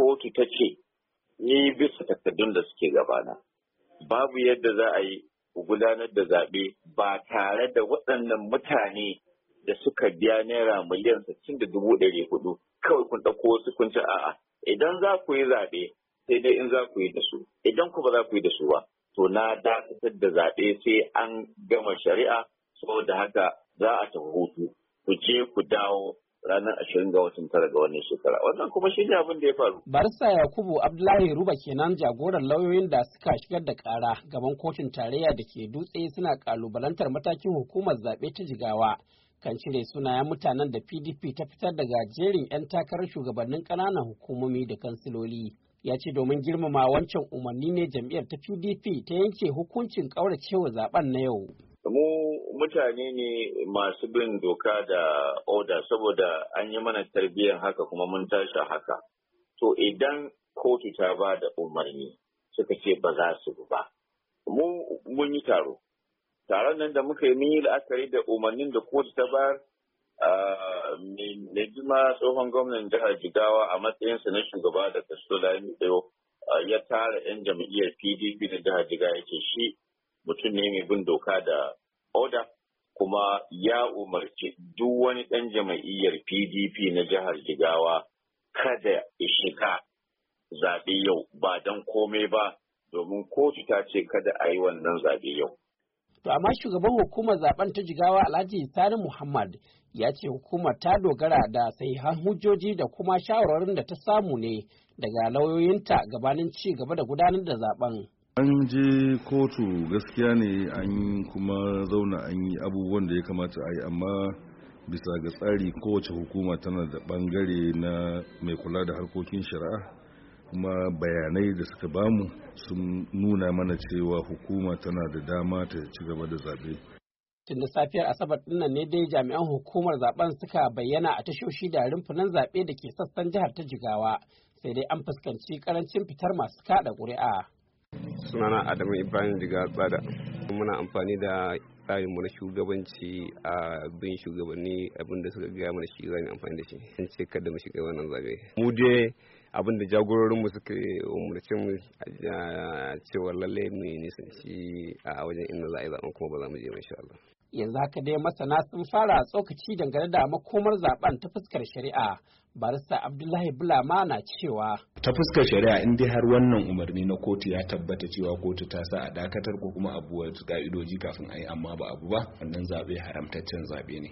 kotu ta ce ni bisa takardun da suke gabana babu yadda za a yi gudanar da zaɓe ba tare da waɗannan mutane da suka biya naira miliyan sassin da dubu ɗari hudu kawai kun ɗauko wasu kun ci a'a idan za ku yi zaɓe sai dai in za ku yi da su idan ku ba za ku yi da su ba to na dakatar da zaɓe sai an gama shari'a saboda haka za a tafi hutu ku je ku dawo ranar ashirin ga watan tara ga wannan shekara wannan kuma shi ne abin da ya faru. barista yakubu abdullahi ruba kenan jagoran lauyoyin da suka shigar da kara gaban kotun tarayya da ke dutse suna kalubalantar matakin hukumar zaɓe ta jigawa kan cire sunayen mutanen da pdp ta fitar daga jerin 'yan takarar shugabannin ƙananan hukumomi da kansiloli ya ce domin girmama wancan umarni ne jam'iyyar ta pdp ta yanke hukuncin ƙauracewa zaben na yau mu mutane ne masu bin doka da oda saboda an yi mana tarbiyyar haka kuma mun tashi haka to idan kotu ta ba da umarni suka ce ba za su ba mu mun yi taro taron nan da muka yi mun yi la'akari da umarnin da kotu ta bayar mai jima tsohon gwamnan jihar jigawa a matsayinsa na shugaba da kaso lami ya tara 'yan jam'iyyar pdp na jihar jigawa yake shi mutum ne mai bin doka da oda kuma ya umarci duk wani ɗan jama'iyyar pdp na jihar jigawa kada ya shiga zaɓe yau ba don komai ba domin kotu ta ce kada a yi wannan zaɓe yau. To amma shugaban hukumar zaben ta jigawa Alhaji Sani Muhammad ya ce hukumar ta dogara da sai hujjoji da kuma shawarwarin da ta samu ne daga lauyoyinta gabanin ci gaba da gudanar da zaben. an je kotu gaskiya ne an kuma zauna an yi abubuwan da ya kamata a yi amma bisa ga tsari kowace hukuma tana da bangare na mai kula da harkokin shari'a kuma bayanai da suka bamu sun nuna mana cewa hukuma tana da dama ta ci gaba da zaɓe. da safiyar asabar dinnan ne dai jami'an hukumar zaben suka bayyana a tashoshi da rumfunan zaɓe da ke sassan jihar ta jigawa sai dai an fuskanci karancin fitar masu kaɗa ƙuri'a. sunana adamu ibrahim daga tsada muna amfani da tsarinmu na shugabanci a bin shugabanni abinda suka gaya mana shi zai amfani da shi an ce kada mu shiga wannan zabe mu dai abinda jagororinmu suka umarci mu cewa lalle mu nisanci a wajen inda za a yi zaben kuma ba za mu je insha Allah yanzu haka dai masana sun fara tsokaci dangane da makomar zaben ta fuskar shari'a barista abdullahi bulama na cewa ta fuskar shari'a in dai har wannan umarni na kotu ya tabbata cewa kotu ta sa a dakatar ko kuma abuwa ka'idoji kafin a yi amma ba abu ba wannan zaɓe haramtaccen zaɓe ne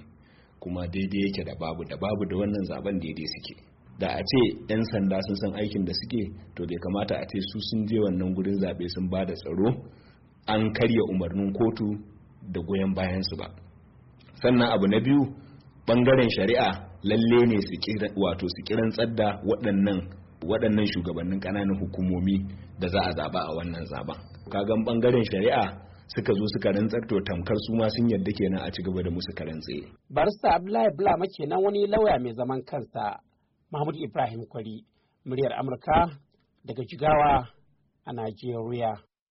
kuma daidai yake da babu da babu da wannan zaben daidai suke da a ce 'yan sanda sun san aikin da suke to bai kamata a ce su sun je wannan gurin zaɓe sun ba da tsaro an karya umarnin kotu da goyon bayansu ba sannan abu na biyu bangaren shari'a lalle ne wato su kiran da waɗannan waɗannan shugabannin ƙananan hukumomi da za a zaba a wannan zaben kagan bangaren shari'a suka zo suka rantsar to tamkar su ma sun yadda kenan a ci gaba da musu karantse barista abdullahi mace kenan wani lauya mai zaman kansa mahmud ibrahim kwari muryar amurka daga jigawa a najeriya